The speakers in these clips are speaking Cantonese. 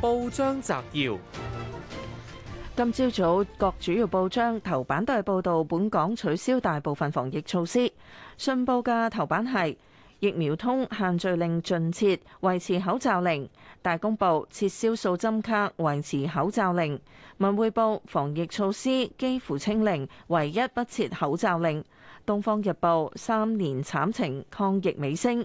報章摘要：今朝早，早各主要報章頭版都係報道本港取消大部分防疫措施。信報嘅頭版係疫苗通限聚令盡撤，維持口罩令；大公報撤銷數針卡，維持口罩令；文匯報防疫措施幾乎清零，唯一不撤口罩令；東方日報三年慘情，抗疫尾聲。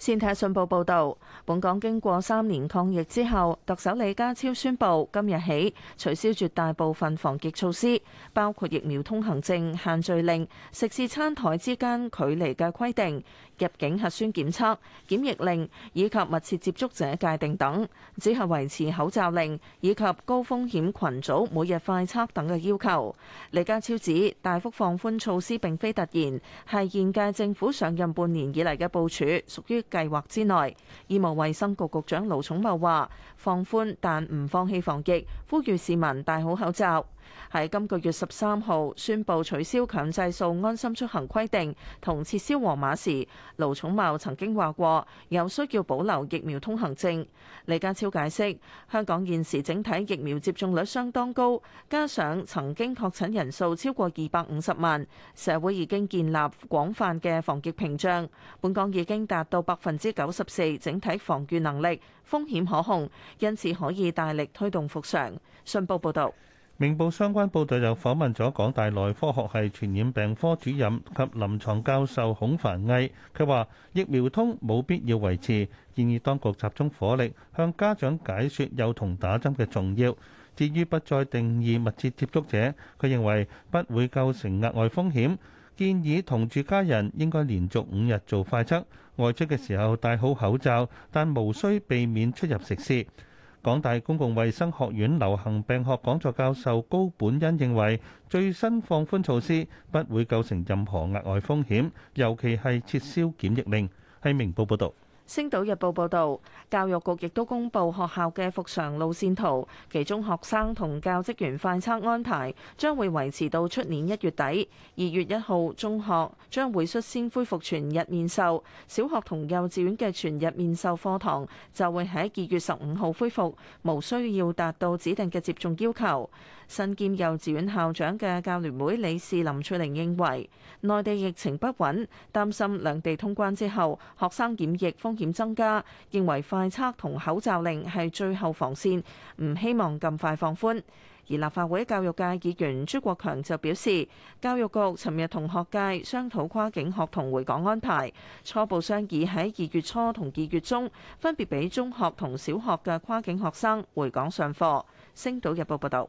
先睇信報報道。本港經過三年抗疫之後，特首李家超宣布今日起取消絕大部分防疫措施，包括疫苗通行證、限聚令、食肆餐台之間距離嘅規定。入境核酸檢測檢疫令以及密切接觸者界定等，只係維持口罩令以及高風險群組每日快測等嘅要求。李家超指大幅放寬措施並非突然，係現屆政府上任半年以嚟嘅部署，屬於計劃之內。醫務衛生局局長盧寵茂話：寬放寬但唔放棄防疫，呼籲市民戴好口罩。喺今個月十三號宣布取消強制掃安心出行規定同撤銷黃碼時，盧寵茂曾經話過有需要保留疫苗通行證。李家超解釋，香港現時整體疫苗接種率相當高，加上曾經確診人數超過二百五十萬，社會已經建立廣泛嘅防疫屏障。本港已經達到百分之九十四整體防禦能力，風險可控，因此可以大力推動復常。信報報導。明報相關報道又訪問咗港大內科學系傳染病科主任及臨床教授孔凡毅，佢話疫苗通冇必要維持，建議當局集中火力向家長解說幼童打針嘅重要。至於不再定義密切接觸者，佢認為不會構成額外風險，建議同住家人應該連續五日做快測，外出嘅時候戴好口罩，但無需避免出入食肆。港大公共衛生學院流行病學講座教授高本恩認為，最新放寬措施不會構成任何額外風險，尤其係撤銷檢疫令。係明報報導。星島日報報導，教育局亦都公布學校嘅復常路線圖，其中學生同教職員快測安排將會維持到出年一月底。二月一號，中學將會率先恢復全日面授，小學同幼稚園嘅全日面授課堂就會喺二月十五號恢復，無需要達到指定嘅接種要求。身兼幼稚園校長嘅教聯會理事林翠玲認為，內地疫情不穩，擔心兩地通關之後學生檢疫風險增加，認為快測同口罩令係最後防線，唔希望咁快放寬。而立法會教育界議員朱國強就表示，教育局尋日同學界商討跨境學童回港安排，初步商議喺二月初同二月中分別俾中學同小學嘅跨境學生回港上課。星島日報報道。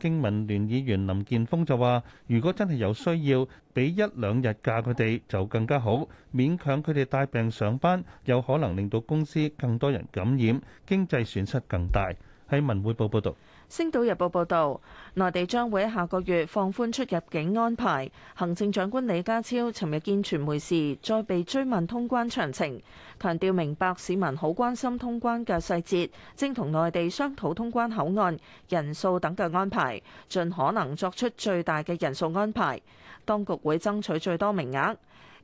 經民聯議員林健鋒就話，如果真係有需要，俾一兩日假佢哋就更加好，勉強佢哋帶病上班，有可能令到公司更多人感染，經濟損失更大。喺文匯報報道。《星島日報》報導，內地將會下個月放寬出入境安排。行政長官李家超尋日見傳媒時，再被追問通關詳情，強調明白市民好關心通關嘅細節，正同內地商討通關口岸、人數等嘅安排，盡可能作出最大嘅人數安排，當局會爭取最多名額。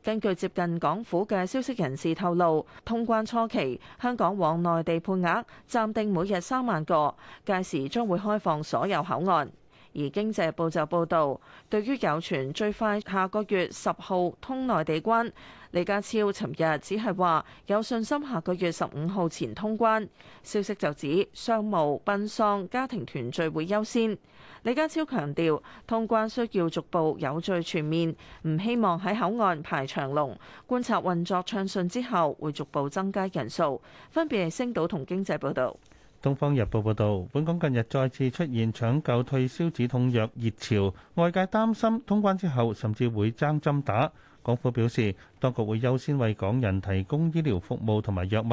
根據接近港府嘅消息人士透露，通關初期，香港往內地配額暫定每日三萬個，屆時將會開放所有口岸。而經濟報就報道，對於有傳最快下個月十號通內地關，李家超尋日只係話有信心下個月十五號前通關。消息就指商務、奔喪、家庭團聚會優先。李家超強調，通關需要逐步有序全面，唔希望喺口岸排長龍。觀察運作暢順之後，會逐步增加人數。分別係星島同經濟報道。《東方日報》報導，本港近日再次出現搶購退燒止痛藥熱潮，外界擔心通關之後甚至會爭針打。港府表示，當局會優先為港人提供醫療服務同埋藥物，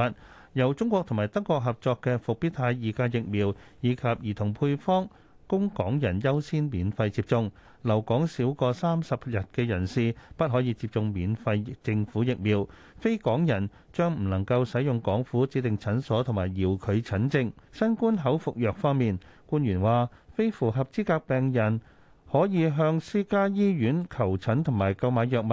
由中國同埋德國合作嘅復必泰二價疫苗以及兒童配方。供港人優先免費接種，留港少過三十日嘅人士不可以接種免費政府疫苗，非港人將唔能夠使用港府指定診所同埋遙距診症。新冠口服藥方面，官員話，非符合資格病人可以向私家醫院求診同埋購買藥物，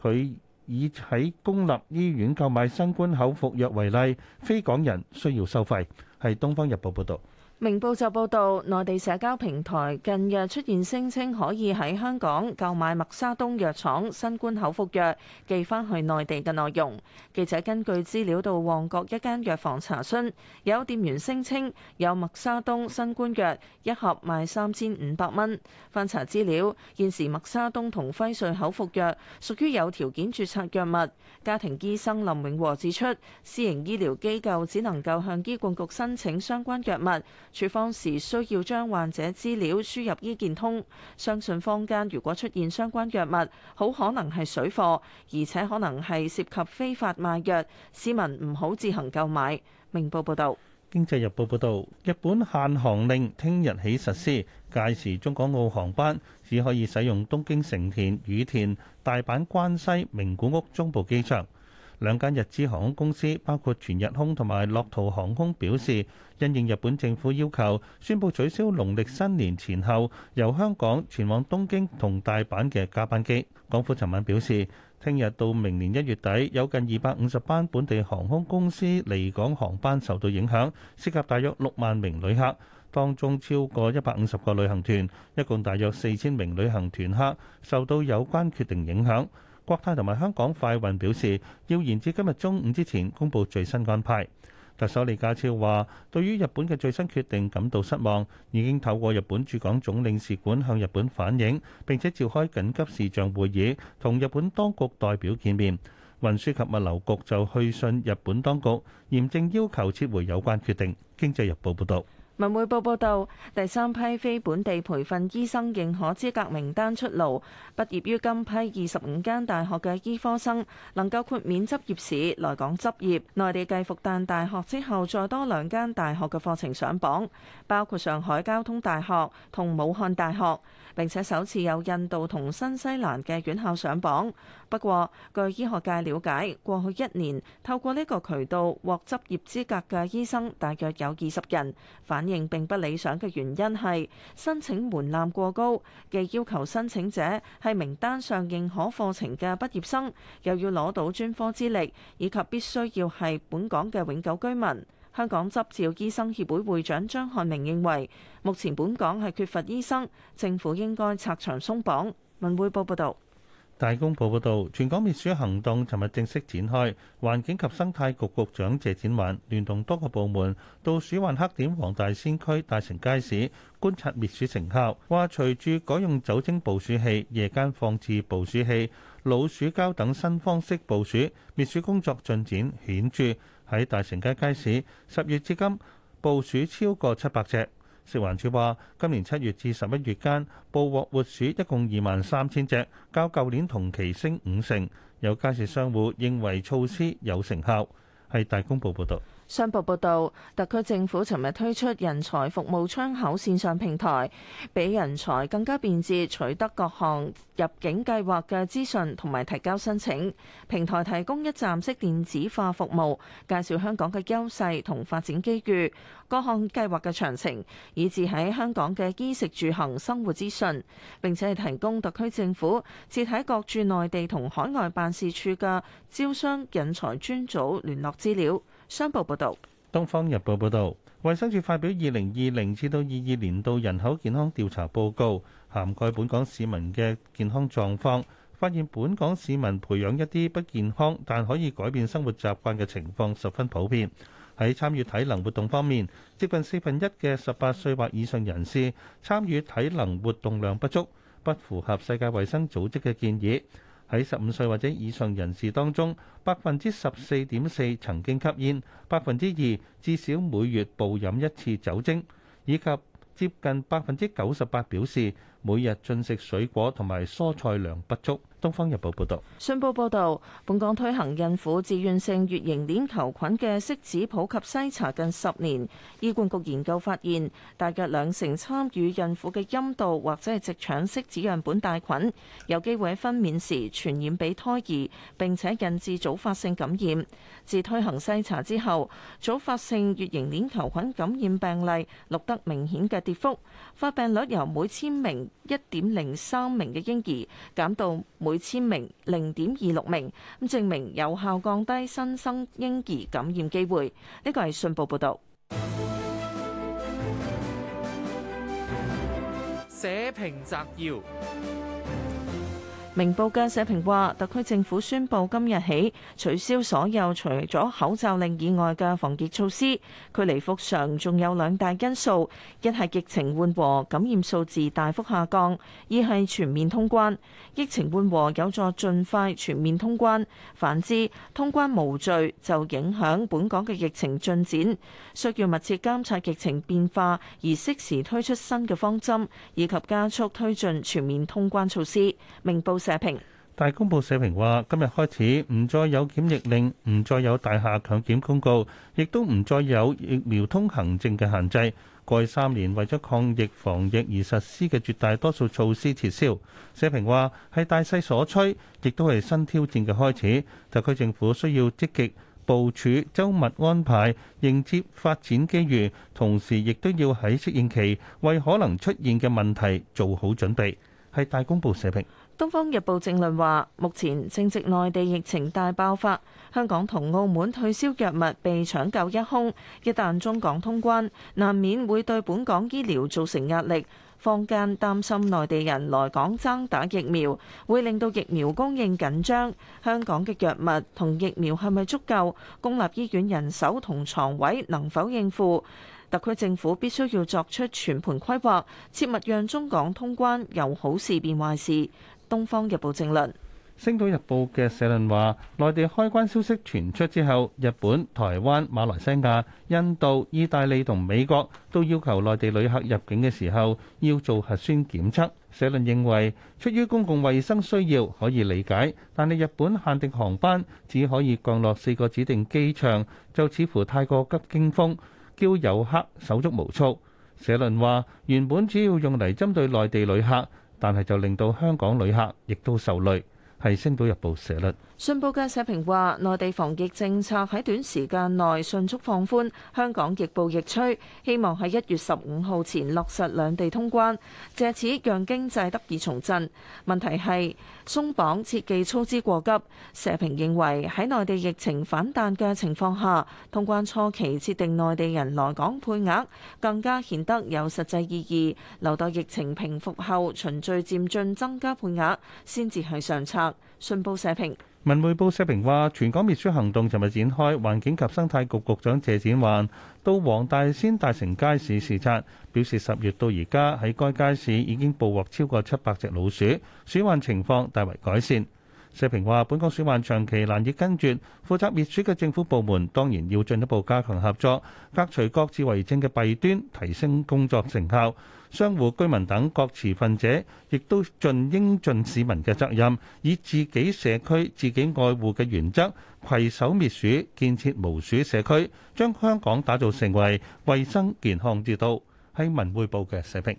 佢以喺公立醫院購買新冠口服藥為例，非港人需要收費，係東方日報報道。明報就報導，內地社交平台近日出現聲稱可以喺香港購買默沙東藥廠新冠口服藥，寄翻去內地嘅內容。記者根據資料到旺角一間藥房查詢，有店員聲稱有默沙東新冠藥一盒賣三千五百蚊。翻查資料，現時默沙東同輝瑞口服藥屬於有條件註冊藥物。家庭醫生林永和指出，私營醫療機構只能夠向醫管局申請相關藥物。處方時需要將患者資料輸入醫健通，相信坊間如果出現相關藥物，好可能係水貨，而且可能係涉及非法賣藥，市民唔好自行購買。明報報道。經濟日報報道，日本限航令聽日起實施，屆時中港澳航班只可以使用東京成田、羽田、大阪關西、名古屋中部機場。兩間日資航空公司，包括全日空同埋樂桃航空，表示因應日本政府要求，宣布取消農曆新年前後由香港前往東京同大阪嘅加班機。港府尋晚表示，聽日到明年一月底，有近二百五十班本地航空公司離港航班受到影響，涉及大約六萬名旅客，當中超過一百五十個旅行團，一共大約四千名旅行團客受到有關決定影響。國泰同埋香港快運表示要延至今日中午之前公布最新安排。特首李家超話：對於日本嘅最新決定感到失望，已經透過日本駐港總領事館向日本反映，並且召開緊急視像會議，同日本當局代表見面。運輸及物流局就去信日本當局，嚴正要求撤回有關決定。經濟日報報道。文匯報報道，第三批非本地培訓醫生認可資格名單出爐。畢業於今批二十五間大學嘅醫科生，能夠豁免執業試來港執業。內地繼復旦大學之後，再多兩間大學嘅課程上榜，包括上海交通大學同武漢大學，並且首次有印度同新西蘭嘅院校上榜。不過，據醫學界了解，過去一年透過呢個渠道獲執業資格嘅醫生大約有二十人。反反映並不理想嘅原因係申請門檻過高，既要求申請者係名單上認可課程嘅畢業生，又要攞到專科資歷，以及必須要係本港嘅永久居民。香港執照醫生協會會長張漢明認為，目前本港係缺乏醫生，政府應該拆牆鬆綁。文匯報報道。大公報報道，全港滅鼠行動尋日正式展開。環境及生態局局長謝展寰聯同多個部門到鼠患黑點黃大仙區大成街市觀察滅鼠成效，話隨住改用酒精捕鼠器、夜間放置捕鼠器、老鼠膠等新方式捕鼠，滅鼠工作進展顯著。喺大成街街市，十月至今捕鼠超過七百隻。食環署話，今年七月至十一月間，捕獲活鼠一共二萬三千隻，較舊年同期升五成。有街市商戶認為措施有成效，係大公報報導。商報報導，特區政府尋日推出人才服務窗口線上平台，俾人才更加便捷取得各項入境計劃嘅資訊同埋提交申請。平台提供一站式電子化服務，介紹香港嘅優勢同發展機遇，各項計劃嘅詳情，以至喺香港嘅衣食住行生活資訊。並且提供特區政府設喺各駐內地同海外辦事處嘅招商引才專組聯絡資料。商報報導，《東方日報》報導，衛生署發表二零二零至到二二年度人口健康調查報告，涵蓋本港市民嘅健康狀況，發現本港市民培養一啲不健康但可以改變生活習慣嘅情況十分普遍。喺參與體能活動方面，接近四分一嘅十八歲或以上人士參與體能活動量不足，不符合世界衛生組織嘅建議。喺十五歲或者以上人士當中，百分之十四點四曾經吸煙，百分之二至少每月暴飲一次酒精，以及接近百分之九十八表示，每日進食水果同埋蔬菜量不足。《東方日報》報道。信報報道，本港推行孕婦自願性乙型鏈球菌嘅拭子普及篩查近十年，醫管局研究發現，大約兩成參與孕婦嘅陰道或者係直腸拭子樣本帶菌，有機會喺分娩時傳染俾胎兒，並且引致早發性感染。自推行篩查之後，早發性乙型鏈球菌感染病例錄得明顯嘅跌幅，發病率由每千名一點零三名嘅嬰兒減到每千名零點二六名，咁證明有效降低新生嬰兒感染機會。呢個係信報報道。社評摘要。明報嘅社評話，特區政府宣布今日起取消所有除咗口罩令以外嘅防疫措施。距離復常仲有兩大因素：一係疫情緩和，感染數字大幅下降；二係全面通關。疫情緩和有助盡快全面通關，反之通關無序就影響本港嘅疫情進展，需要密切監察疫情變化，而適時推出新嘅方針，以及加速推進全面通關措施。明報。社評大公報社評話：今日開始唔再有檢疫令，唔再有大廈強檢公告，亦都唔再有疫苗通行證嘅限制。過去三年為咗抗疫防疫而實施嘅絕大多數措施撤銷。社評話係大勢所趨，亦都係新挑戰嘅開始。特區政府需要積極部署、周密安排，迎接發展機遇，同時亦都要喺適應期為可能出現嘅問題做好準備。係大公報社評。《東方日報正論》話：目前正值內地疫情大爆發，香港同澳門退燒藥物被搶購一空。一旦中港通關，難免會對本港醫療造成壓力。坊間擔心內地人來港爭打疫苗，會令到疫苗供應緊張。香港嘅藥物同疫苗係咪足夠？公立醫院人手同牀位能否應付？特區政府必須要作出全盤規劃，切勿讓中港通關由好事變壞事。《東方日報》正論，《星島日報》嘅社論話，內地開關消息傳出之後，日本、台灣、馬來西亞、印度、意大利同美國都要求內地旅客入境嘅時候要做核酸檢測。社論認為，出於公共衞生需要可以理解，但係日本限定航班只可以降落四個指定機場，就似乎太過急驚風。叫遊客手足無措。社論話，原本主要用嚟針對內地旅客，但係就令到香港旅客亦都受累。提升到日報》社率信報嘅社評話，內地防疫政策喺短時間內迅速放寬香港亦步亦趨希望喺一月十五號前落實兩地通關借此讓經濟得以重振。問題係鬆綁切忌操之過急，社評認為喺內地疫情反彈嘅情況下，通關初期設定內地人來港配額更加顯得有實際意義留待疫情平復後循序漸進增加配額先至係上策。信報社評，文匯報社評話，全港滅鼠行動尋日展開，環境及生態局局長謝展寰到黃大仙大成街市視察，表示十月到而家喺該街市已經捕獲超過七百隻老鼠，鼠患情況大為改善。社評話，本港鼠患長期難以根絕，負責滅鼠嘅政府部門當然要進一步加強合作，革除各自為政嘅弊端，提升工作成效。商戶、居民等各持份者，亦都盡應盡市民嘅責任，以自己社區、自己愛護嘅原則，攜手滅鼠，建設無鼠社區，將香港打造成為衞生健康之都。係文匯報嘅社評。